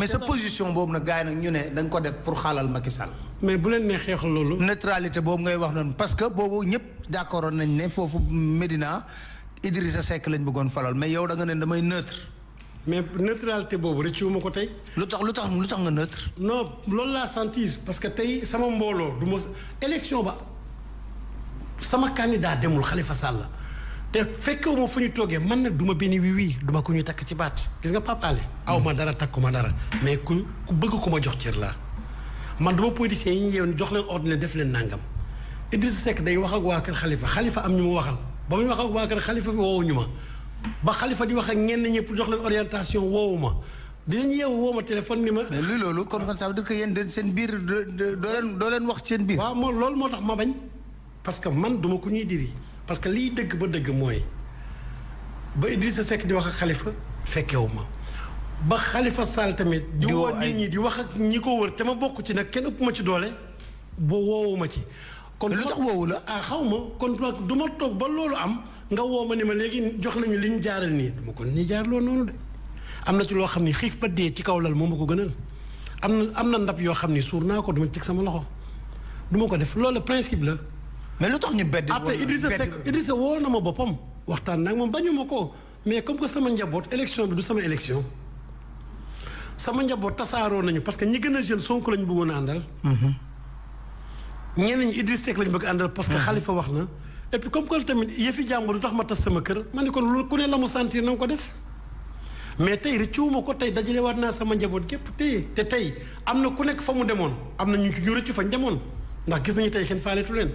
mais sa position boobu na gaa yi nag ñu ne dañ ko def pour xaalal Macky Sall. mais bu leen neexee xeex loolu. neutralité boobu ngay wax noonu parce que boobu ñëpp d' nañ ne foofu Medina Idrissa Seck lañ bëggoon falal mais yow danga nga ne damay neutre. mais neutralité boobu rëccuwuma ko tey. lu tax lu tax lu tax nga neutre. non loolu laa sentir parce que tey sama mbooloo du ma élection ba sama daa demul xalifa Sall. te fekkewu ma fu ñu toogee man na du ma benn wii wii du ma ku takk ci baat gis nga Pape Alé aw ma dara takku ma dara mais ku ku bëgg ku ma jox cër laa man du ma politicien yi ñu yeewoon jox leen ordre def leen nangam Idrissa Seck day wax ak waa xalifa xalifa am ñu ma waxal ba muy wax ak waa xalifa fi woowu ñu ma ba xalifa di wax ak ñenn ñëpp jox leen orientation woowu ma dinañ yeewu woo ma téléphone ni ma. mais luy loolu kon kon ça veut dire que seen biir doo leen doo leen wax seen biir. waaw moom loolu moo tax ma bañ parce que man du ma ku ñuy diri. parce que liy dëgg ba dëgg mooy ba sa Seck di wax ak xalifa fekkewu ma ba xalifa Sall tamit di woo nit di wax ak ñi ko wër te ma bokk ci nag kenn ëpp ma ci doole boo woowu ma ci kon lu tax woowu la ah xaw ma kon du ma toog ba loolu am nga woo ma ne ma léegi jox nañu li ñu jaaral nii du ma ko ni jaarloo noonu de am na ci loo xam ni xiif ba dee ci kaw lal moo ma ko gënal am na am na ndab yoo xam ni suur naa ko duma ci sama loxo duma ko def loolu principe mais lu tax ñu bedd. après Idrissa Seck Idrissa woo na ma boppam waxtaan nag moom bañu ma ko mais comme que sama njaboot élection bi du sama sama njaboot tasaaroo nañu parce que ñi gën a jeune Sonko lañu bëggoon a àndal. ñeneen ñi Idrissa Seck bëgg àndal. parce que mhm. Khalifa wax na. et comme que tamit yëfi jàmbur du tax ma tas sama kër ma ne kon lu ku ne la mu sentir na ko def. mais tey rëccuwuma ko tey dajale war naa sama njaboot gépp tey te tey am na ku nekk fa mu demoon am na ñu ñu rëccu fañ demoon ndax gis nañu tey kenn faaleetu leen.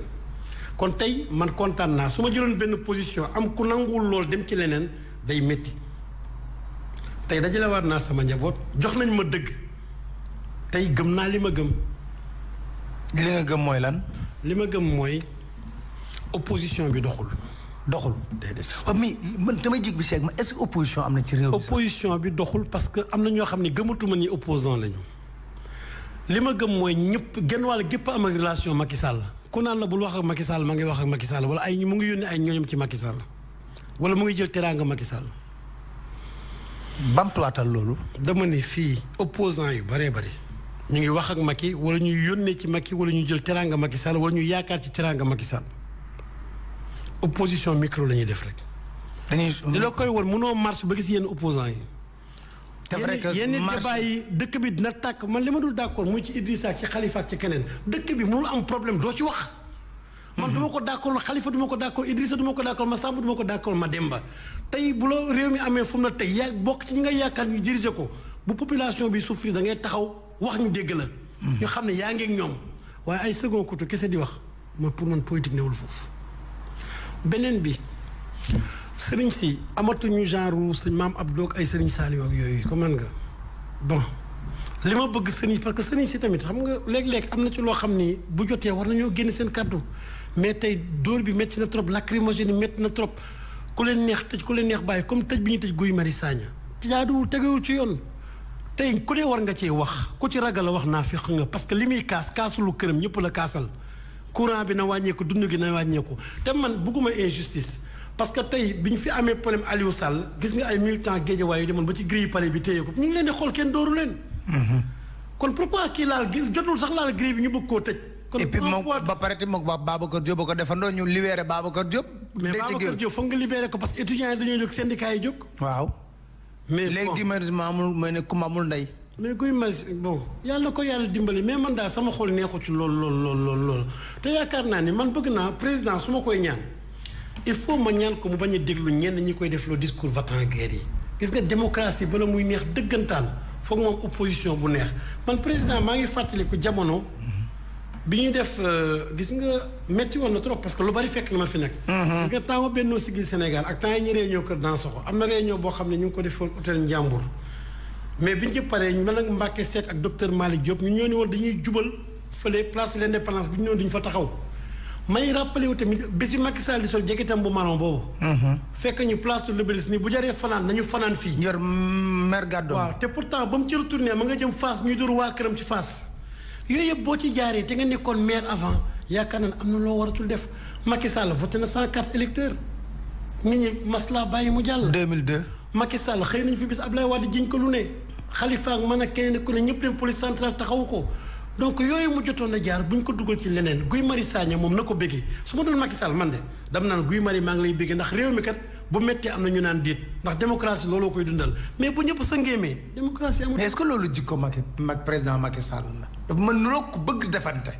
kon tey man kontaan naa su ma jëloon benn position am ku nanguwul lool dem ci leneen day métti tey dajalewaat naa sama njaboot jox nañ ma dëgg tey gëm naa li ma gëm. li nga gëm mooy lan. li ma gëm mooy opposition bi doxul. doxul déedéet. waaw oh, mais man damay jig bi si ma est-ce opposition am na ci réew mi. opposition bi doxul parce que am na ñoo xam ne gëmatuma ni opposant lañu. li ma gëm mooy ñëpp genn wàll gépp am ak relation Macky Sall ku naan la bul wax ak Macky Sall ma ngi wax ak Macky Sall wala ay mu ngi yónni ay ñooñam ci Macky Sall wala mu ngi jël teraanga Macky Sall. bamtuwaatal loolu. dama ni fii opposant yu baree bari ñu ngi wax ak Macky wala ñuy yónnee ci Macky wala ñu jël teraanga Macky Sall wala ñu yaakaar ci teraanga Macky Sall opposition micro la ñuy def rek. dañuy li la koy war mënoo marche ba gis yenn opposant yi. c'est vrai que yenn débat yi dëkk bi dina tàkk man li ma dul d'accord muy ci Idrissa ak ci Khalifa ak ci keneen dëkk bi mënul am problème doo ci wax. man du ko d'accord Khalifa xalifa duma ko d'accord Idrissa du ma ko d'accord Massamba du ma ko d'accord Mademba tey bu la réew mi amee fu na la tey yaa bokk ci ñi ngay yaakaar ñu diriger ko bu population bi souffrir da ngay taxaw wax ñu dégg la. ñu xam ne yaa ngi ak ñoom waaye ay second couteau kese di wax mooy pour man politique newul foofu beneen bi. sëriñ si amatuñu genre sëñ maam ab doog ay sëriñ Saliou ak yooyu ko man nga bon li ma bëgg sëriñ parce que sëriñ si tamit xam nga léeg-léeg am na ci loo xam ni bu jotee war nañoo génn seen kàddu mais tey dóor bi métti na trop lacrymogène yi métti na trop ku leen neex tëj ku leen neex bàyyi comme tëj bi ñu tëj Guy Marius Sagna jaaduwul tegewul ci yoon tey ku ne war nga cee wax ku ci ragal a wax naa fiq nga parce que li muy kaas kaasulu këram ñëpp la kaasal courant bi na wàññeeku dund gi na wàññeeku te man bugguma injustice parce que tey bi ñu fi amee problème Aliou sal gis nga ay militants géejawaay yu demoon ba ci grille palais bi téye ko ñu ngi leen di xool kenn dooru leen. Mhm. kon pourquoi kii laal gi jotul sax laal grille bi ñu bëgg koo tëj. kon et puis moom ba pare te moom Babacar Diop ba ko defandoo ñu libéré Babacar Diop. mais nga ko parce que étudiants yi dañoo jóg syndicat yi jóg. waaw. mais léegi ma amul ne ku amul ndey. mais guy mas bon yàlla ko yàlla dimbali mais man daal sama xol neexu ci lool lool lool lool lool te yaakaar naa ni man bëgg naa président su ma koy ñaan il faut ma ñaan ko mu bañ a déglu ñenn ñi koy def loo discours va-t-en-guerre yi gis nga démocratie bala muy neex dëggantaan foog moom opposition bu neex man président maa ngi fàttaliku jamono bi ñuy def euh, gis nga métti woon na trop parce que lu bari fekk na ma fi nekk. Mm-hmm. gis nga temps bennoo sigil Sénégal ak temps yi ñu réunion kër Dansokho am na réunion boo xam ne ñu ngi ko defoon hôtel Ndiambour mais bi ñu ci paree ñu mel ne Mbacke Seck ak docteur Malick Diop ñu ñoo ni woon dañuy jubal fële place l'indépendance bu ñu noonu duñu fa taxaw. may rappelé wu tamit bis bi Macky Sall di sol jegitam bu marron boobu. Mhm. fekk ñu place de l'Obélisque ni bu jaree fanaan nañu fanaan fii. njër mer gàddoom waaw te pourtant ba mu ci retourné ma nga jëm Fass ñuy dóor waa këram ci Fass. yooyu yëpp boo ci jaaree te nga nekkoon maire avant yaakaar na ne am na loo waratul def Macky Sall voté na cent quatre électeurs nit ñi maslaa bàyyi mu jàll. 2002 Macky Sall xëy nañu fi bis Ablaye Wade jiñ ko lu ne. Khalifa ak man ak keneen ku ne ñëpp leen police taxawu ko. donc yooyu mu jotoon a jaar bu ñu ko dugal ci leneen Guy Marius Sagna moom na ko bëggee su ma doon Macky man de dama naan Guy mari maa ngi lay bëggee ndax réew mi kat bu méttee am na ñu naan déet ndax démocratie looloo koy dundal mais bu ñëpp sa ngéemee démocratie amul. mais est-ce que loolu jikko Macky mag président Macky Sall la. dafa mën noo ko bëgg defante.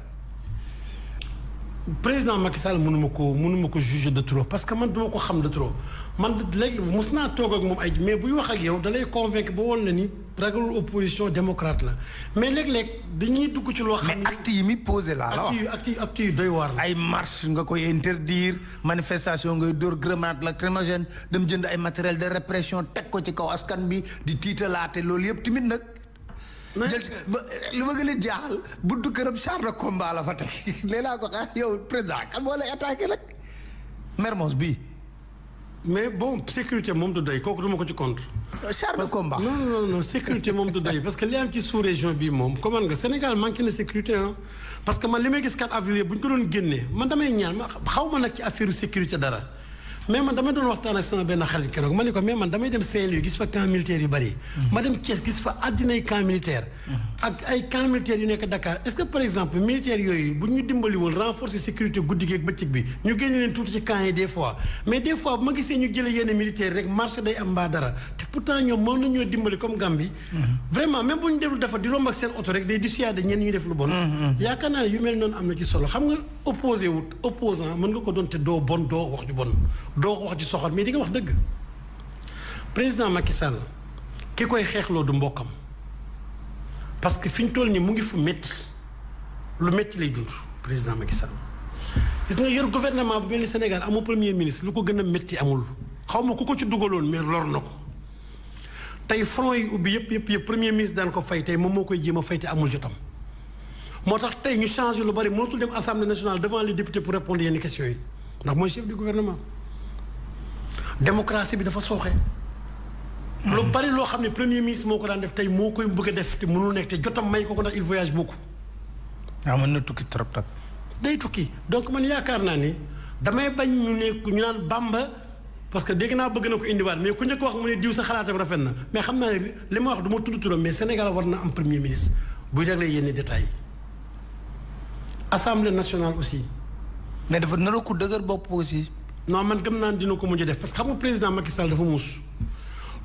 président Macky Sall mënuma ko mënuma ko juger de trop parce que man duma ko xam de trop man léegi mos naa toog ak moom ay mais buy wax ak yow dalay convaincre ba woon na ni ragalul opposition démocrate la mais léeg-léeg dañuy dugg ci loo xam ne acte yi mi posé laa la wax acte yi acte yi doy waar la ay marche nga koy interdire manifestation ngay dóor grenade lacrymogène dem jënd ay matériel de répression teg ko ci kaw askan bi di tiitalaate loolu yëpp tamit nag mais li ma gën a jaaxal buntu këram char de combat la fa teg nee naa ko xaar ah, yow président kan moo lay attaqué nag bi bii. mais bon sécurité moom du doy kooku duma ko ci contre. char de combat non non non sécurité moom du doy parce que li am ci sous région bi moom comment nga Sénégal manqué na sécurité ah. parce que man li may gis 4 avril bu ñu ko doon génnee man damay ñaan ma xaw ma nag ci affaire sécurité dara. mais man damay doon waxtaan ak sama benn xarit keroog ma ne ko mais man damay dem Saint-Louis gis fa camp militaire yu bari. Mhm. ma dem Thiès gis fa àddinay camp militaire. Mhm. ak ay camp militaire yu nekk Dakar est-ce que par exemple militaire yooyu bu ñu dimbali woon renforcer sécurité guddi gi ak bëccëg bi ñu génne leen tuuti ci camp yi des fois mais des fois bu ma gisee ñu jëlee yenn militaire rek marché day am mbaa dara te pourtant ñoom mën nañoo dimbali comme Gambie. Mhm. vraiment même bu ak seen oto rek day dissuader def lu bon. yaakaar naa ne yu mel noonu am na ci solo xam nga opposé wut opposant mën nga ko doon te doo bon wax ju bon doo wax ju soxor mais di nga wax dëgg président Macky Sall ki koy xeexloo du mbokkam parce que fi ñu toll nii mu ngi fu métti lu metti lay dund président Macky Sall gis nga yor gouvernement bu mel ni Sénégal amul premier ministre lu ko gën a métti amul xaw ma ku ko ci dugaloon mais lor na ko tey front yi ubbi yëpp yëpp yëpp premier ministre daan ko fay tey moom moo koy jéem a fay te amul jotam moo tax tey ñu changé lu bari mënatul dem assemblée nationale devant les députés pour répondre yenn questions démocratie bi dafa sooxe. lu bari loo xam ne premier ministre moo ko daan def tey moo koy bëgg def te mënul nekk te jotam may ko ko ndax il voyage beaucoup. waaw ah, mën na tukki trop trop day tukki donc mën yaakaar naa ni damay bañ ñu ne ñu naan bàmba parce que dégg naa bëgg na ko indiwaat mais ku njëkk wax mu ne diw sa xalaatam rafet na mais xam naa ne li ma wax du ma tudd turam mais Sénégal war na am premier ministre buy réglé yenn détails yi. assemblée nationale aussi. mais dafa nar a ko dëgër bopp non man gëm naa dina ko mujj def parce que xam nga président Macky dafa muus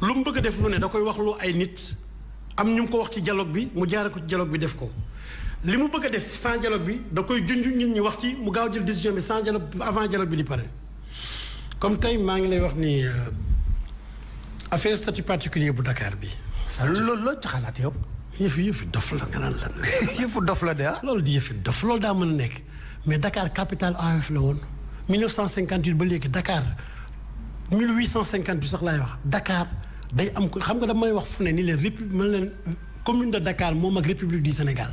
lu mu bëgg a def lu ne da koy wax ay nit am ñu ngi ko wax ci jaloog bi mu jaare ko ci dialogue bi def ko li mu bëgg a def sans dialogue bi da koy junj nit ñi wax ci mu gaaw jël décision bi sans dialogue avant dialogue bi di pare comme tey maa ngi lay wax ni euh, affaire statut particulier bu Dakar bi. loolu loo ci xalaat yow. yëfi yëfi dof la nga naan lan. yëfu dof la de ah. loolu di yëfi dof loolu daa mën nekk mais Dakar capitale AOF la woon. 1958 ba léegi Dakar 1858 sax laay wax dakaar day am ko xam nga damay wax fu ne ni leen république man leen commune de Dakar moom ak république du Sénégal.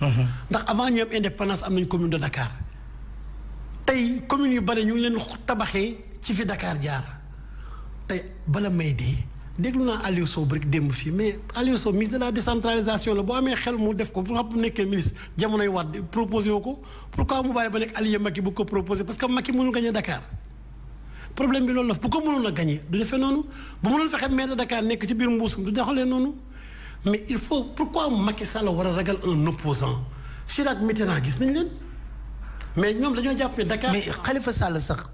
Mhm. ndax avant ñu am indépendance am nañ commune de Dakar. tey communes yu bare ñu ngi leen tabaxee ci fi Dakar jaar tey bala may dee. déglu naa Aliou Sow bëri démb fii mais Aliou Sow ministre de la décentralisation la boo amee xel mu def ko bu nekkee ministre jamonoy Wade proposé woo ko pourquoi mu bàyyi ba nekk allié Macky bu ko proposé parce que Macky mënul gagné Dakar problème bi loolu la bu ko mënoon a gagné du defee noonu bu mënoon fexe maire Dakar nekk ci biir mbuusam du doxalee noonu mais il faut pourquoi Macky Sall war a ragal un opposant Chirac Mitterrand gis nañ leen mais ñoom dañoo jàpp ne Dakar. mais Khalifa Sall sax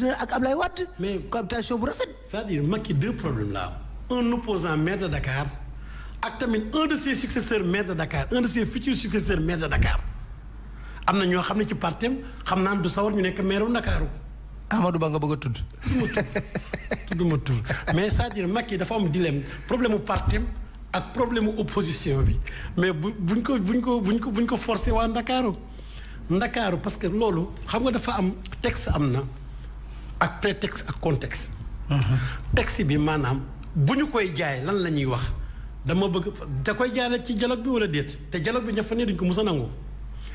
na ak Ablaye Wade. mais cohabitation bu rafet. c'est-à-dire Macky deux la am un opposant maire de Dakar ak tamit un de ses successeurs maire de Dakar un de ses futurs successeurs maire de Dakar am na ñoo xam ne ci partem xam naa du sawar ñu nekk maire wu Ndakaaru Amadou Ba nga bëgg a tudd. tudd ma tudd mais cest dafa am dilemme problème mu partem ak problème mu opposition bi mais bu buñ ko buñ ko buñ ko buñ ko forcé waa Ndakaaru Ndakaaru parce que loolu xam nga dafa am texte am na ak prétexte ak contexte. Mhm. texte bi maanaam. bu ñu koy jaay lan la ñuy wax dama bëgg da koy jaay ci dialogue bi wala déet te dialogue bi ña fa ne duñ ko mos a nangu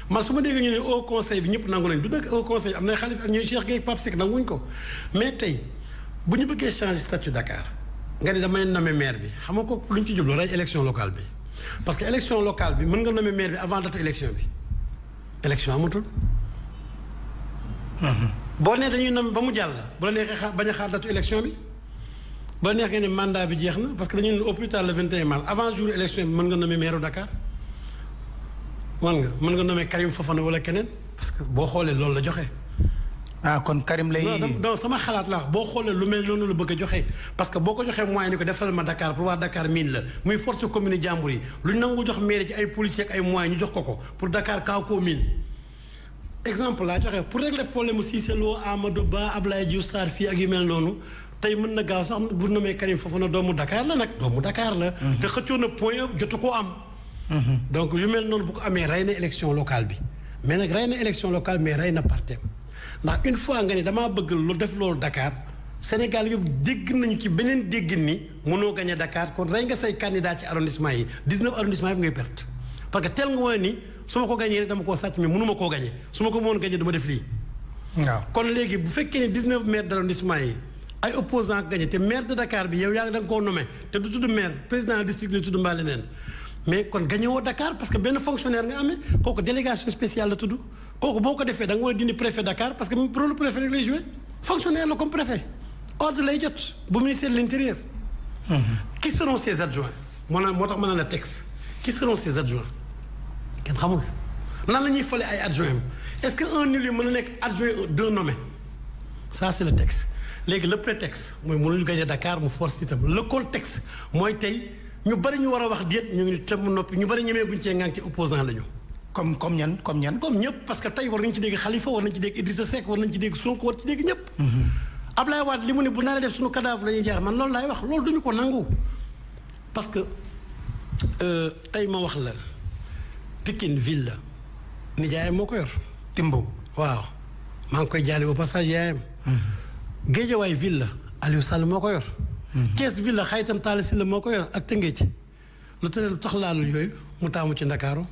man su ma déggee ñu ne au conseil bi ñëpp nangu nañ du dëkk au conseil am na xalif am ñooy Cheikh Gueye Pape Seck nanguñ ko mais tey bu ñu bëggee changer statut Dakar nga ne damay nommer maire bi xam nga ko lu ñu ci jublu rey élection locale bi parce que élection locale bi mën nga nommer maire bi avant date élection bi élection amatul. Mhm. boo nee dañuy nommer ba mu jàll bu la neexee xaar bañ a xaar date élection bi. ba neex nga ne mandat bi jeex na parce que dañu ne au plus tard le 21 mars avant nga mën nga mën nga nommer Karim wala keneen parce que boo xoolee loolu la joxe. ah kon Karim lay. sama xalaat la boo xoolee lu mel noonu la bëgg joxe parce que boo ko joxee moyen ni ko defal ma Dakar pour waa Dakar miin la muy force commune jàmbur yi lu ñu nangu jox maire ci ay policiers ak ay moyens ñu jox ko ko pour dakaar kaw koo miin. exemple laa joxe pour régler problème mu Cissé Lo Amadou Ba Ablaye Diouf Sarr fii ak yu mel noonu. tey mën na gaaw sax am bu nommé Karim Fofana doomu Dakar la nag doomu dakaar la. Mhm. te xëccoo na point jotu ko am. Mhm. donc yu mel noonu bu ko amee rey na élection locale bi mais nag rey na élection locale mais rey na parteem ndax une fois nga ni damaa bëgg lu def loolu Dakar. Sénégal yëpp dégg nañu ci beneen dégg ni mënoo gañe dakaar kon rey nga say candidat ci arrondissement yi 19 arrondissement yi ngay perte parce que tel nga woon ni su ma gañee rek dama koo sàcc mënuma koo gañe su ma ko mënoon gañe dama def lii. waaw kon léegi bu fekkee ne 19 maires d' arrondissement yi. ay opposants gagné te maire de Dakar bi yow yaa da nga koo nommé te du tudd maire président district la tudd mbaa leneen mais kon gagné woo parce que benn fonctionnaire nga amee kooku délégation spéciale la tudd kooku boo ko defee da nga war a dindi préfet Dakar parce que rôle préfet rek lay fonctionnaire la comme préfet ordre lay jot bu ministère de l'intérieur. Mm-hmm. qui seront ses adjoints. moo tax ma ne la texte qui seront ses adjoints kenn nan la ñuy fale ay adjoints am est-ce que un élu mën a nekk adjoint d'un nommé ça c'est le texte. léegi le prétexte mooy mënuñu gagné Dakar mu force itam le contexte mooy tey ñu bari ñu war a wax déet ñu ngi tëmm noppi ñu bari ñemee guñ cee ngaan ci opposant la ñu comme comme ñan comme ñan comme ñëpp parce que tey war nañu ci dégg Khalifa war nañu ci mm-hmm. li mu bu naree def suñu cadavre lañuy jaar man loolu laay ko nangu parce que euh, tey ma wax la Pikine ville la nijaayam moo ko yor Timbo waaw maa ngi koy jaale ba passage yaayam mm-hmm. Géejawaay ville la Aliou Sall moo ko yor. Mhm. Thiès ville la Xaytam Talla Sylla moo ko yor ak ci lu tëddee lu tax laalul yooyu mu taamu ci Ndakaaru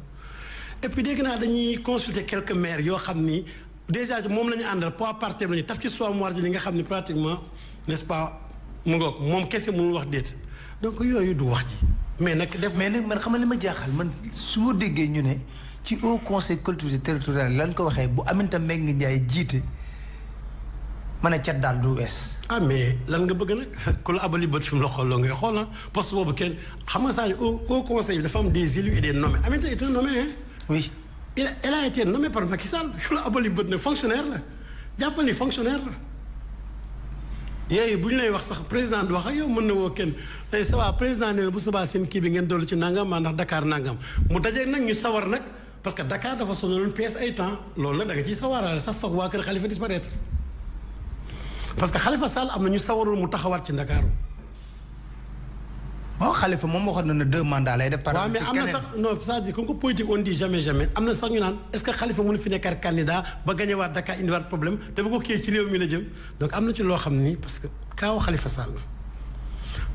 et puis dégg naa dañuy consulter quelques maires yoo xam ni déjà moom lañu àndal pois parti la ñu taf ci soom war ji li nga xam ni pratiquement nest pas mu ngoog moom kese mënul wax déet donc yooyu du wax ji. mais nag def mais nag man xam li ma jaaxal man su ma déggee ñu ne ci haut conseil collectivité territoriale lan ko waxee bu Aminata Mbengue Ndiaye jiite. ma ne cat daal du wees. ah lan nga bëgg nag ku la abali bët fi mu la xooloo ngay xool ah poste boobu kenn xam nga saa au au conseil bi dafa am des élus et des nommés Aminata est un nommé hein. oui il a elle a par Macky Sall la abali bët nag fonctionnaire la jàppal ni fonctionnaire la. yooyu bu ñu lay wax sax président du wax yow mën na woo kenn tey eh, ça va président nee bu subaa seen kii bi ngeen dolli ci nangam maa ndax Dakar nangam mu dajee nag ñu sawar nag parce que Dakar dafa sonaloon PS ay temps loolu nag da nga ciy sawaraale sax foog waa kër parce que Khalifa Sall am na ñu sawarul mu taxawaat ci Ndakaaru waaw Khalifa moom waxoon na ne deux mandats lay def. par waaw mais am na sax non c'est-à-dire comme que politique on dit jamais jamais am na sax ñu naan est ce que Khalifa mënu fi nekkaat candidat ba gagné waat indiwaat problème te bu ko kii ci réew mi la jëm donc am na ci loo xam ni parce que kaaw Khalifa Sall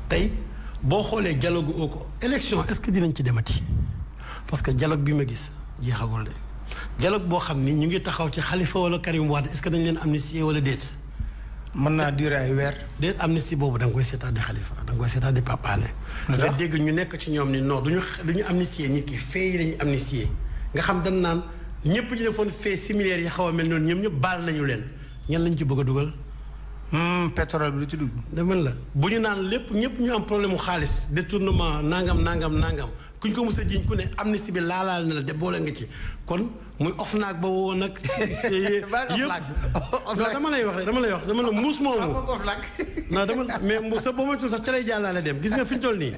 tey boo xoolee dialogue oo ko élection est ce que dinañ ci demati parce que dialogue bi ma gis jeexagul de dialogue boo xam ni ñu ngi taxaw ci Khalifa wala Karim Wade est ce que dañ wala déet. mën naa durer ay weer. déet amnistie boobu da nga koy seetaat di xalifa da nga koy seetaat di Pape Alé. dégg ñu nekk ci ñoom ni non du ñu du ñu amnistier nit ki fee yi la ñu amnistier nga xam dañ naan ñëpp defoon fee similaire yi xaw a mel noonu ñoom ñëpp baal nañu leen ñan lañ ci bëgg dugal. Hmm, pétrole bi du ci dugg. dama la bu ñu naan lépp ñëpp ñu am problème mu xaalis détournement nangam nangam nangam kuñ ko mos a jiñ ku ne amnistie bi laalaal na la de boole nga ci kon. muy OFNAC ba woo nag. yëpp dama lay wax dama lay wax dama la muus moomu. non dama mais mu sa boobu moytuwul sax ca lay jàllale dem gis nga fi ñu toll nii.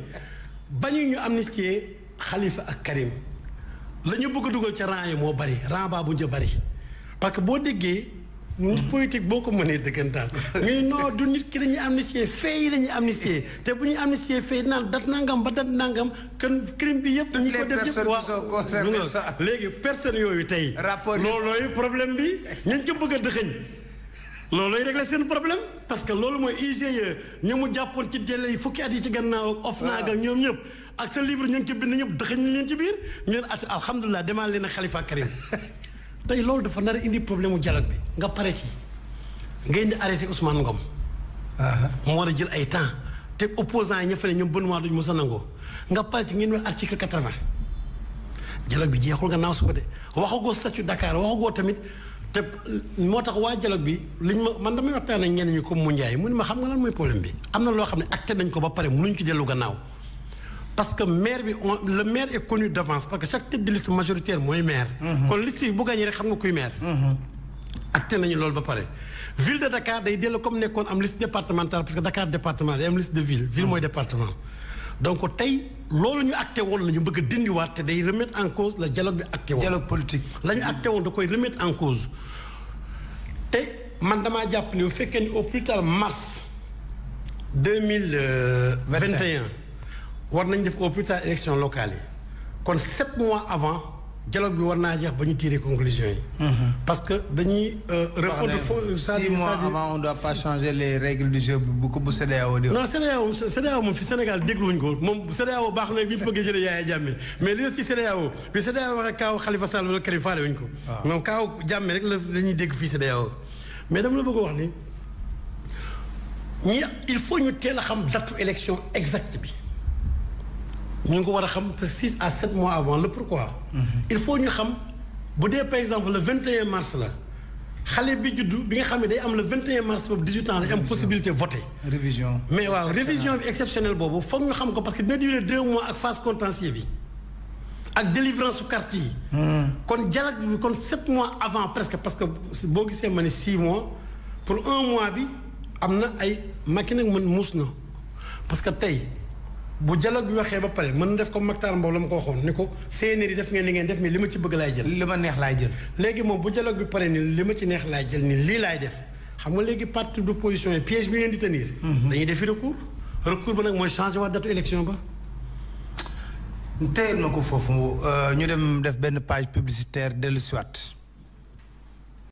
bañu ñu amnistier Khalifa ak Karim lañu bëgg dugal ca rang yi moo bari rang bu njëkk bari parce que boo déggee. politique boo ko mënee dëggantaan mais non du nit ki dañuy amnistier fee yi dañuy amnistier te bu ñuy amnistier fee naan dat nangam ba dat nangam kan crime bi yëpp. ñi ko def yëpp waaw léegi personne yooyu tey. rapport loolooy problème bi ñañ ca bëgg a dëxëñ. loolooy régler seen problème parce que loolu mooy IGE ñi mu jàppoon ci délai fukki at yi ci gannaaw ak OFNAC ak ñoom ñëpp ak sa livre ñu ngi ci bind ñëpp dëxëñ leen ci biir ñu at alhamdulilah demal leen a tey loolu dafa nar a indi problème mu dialogue bi nga pare ci nga indi arrêté Ousmane Ngom. Ah. mu war a jël ay temps te opposant yi ña fa ne ñoom Benoît duñ mos a nangoo nga pare ci ngeen doon article quatre-vingt dialogue bi jeexul nga naaw suba de waxagoo statut dakaar waxagoo tamit te moo tax waa dialogue bi liñ ma man damay waxtaan ak ñeneen ñi comme mu Ndiaye mu nga lan mooy problème am na loo xam ne acté nañ ko ba pare mu mënuñ ci dellu gannaaw. parce que maire bi on le maire est connu d'avance parce que chaque tête de liste majoritaire mooy maire. Mhm. kon liste yi bu gagné rek xam nga kuy maire. Mhm. acté nañu loolu ba pare. ville de Dakar day dellu comme nekkoon am liste départementale parce que Dakar département day am liste de ville. ville mooy mhm. département. donc tey loolu ñu acté woon la ñu bëgg a dindiwaat te day remettre en cause la dialogue bi acté woon. dialogue politique la ñu acté woon da koy remettre en cause. te man damaa jàpp ne fekkee ni au plus tard mars deux mille euh, vingt war nañ def au plus tard élection locale yi kon sept mois avant dialogue bi war naa jeex ba ñu tirer conclusion yi. Mhm. parce que dañuy. Euh, refond de fond euh, six mois avant on doit pas changer les règles du jeu bu ko bu CEDEAO di non CEDEAO CEDEAO moom fi Sénégal dégluwuñ ko moom CEDEAO baax na bi ñu bëggee jëlee Yaya Jammeh mais li des ci CEDEAO bi CEDEAO waxee kaaw Khalifa Sall wala Karim faale wuñ ko. waaw ah. moom kaaw Jammeh rek la dañuy dégg fii CEDEAO mais dama la bëgg wax ni ñi il faut ñu teel a xam datu élection exacte bi. ñu ngi ko war a xam te six à sept mois avant le pourquoi. Mhm. il faut ñu xam bu dee par exemple le 21 mars la xale bi juddu bi nga xam ne day am le 21 mars boobu 18 ans day am possibilité voter. mais waaw révision bi exceptionnelle boobu foog ñu xam ko parce que dina durer deux mois ak phase contentieuse bi ak délivrance su carte yi. Hmm. kon dialogue bi kon sept mois avant presque parce que boo gisee ma ne six mois pour un mois bi am na ay makki nag mën muus na parce que tey. bu dialogue bi waxee ba pare mën def ko Mactar Mbow la ma ko waxoon ni ko CNRI def ngeen li ngeen def mais li ma ci bëgg laay jël. li ma neex laay jël. léegi moom bu dialogue bi pare ni li ma ci neex laay jël ni lii laay def xam nga léegi parti du d'opposition yi piège bi ngeen di tenir. Mhm. dañuy defi recours. recours ba nag mooy changé waat date élection ba. teyel na ko foofu euh, ñu dem def benn page publicitaire dellu si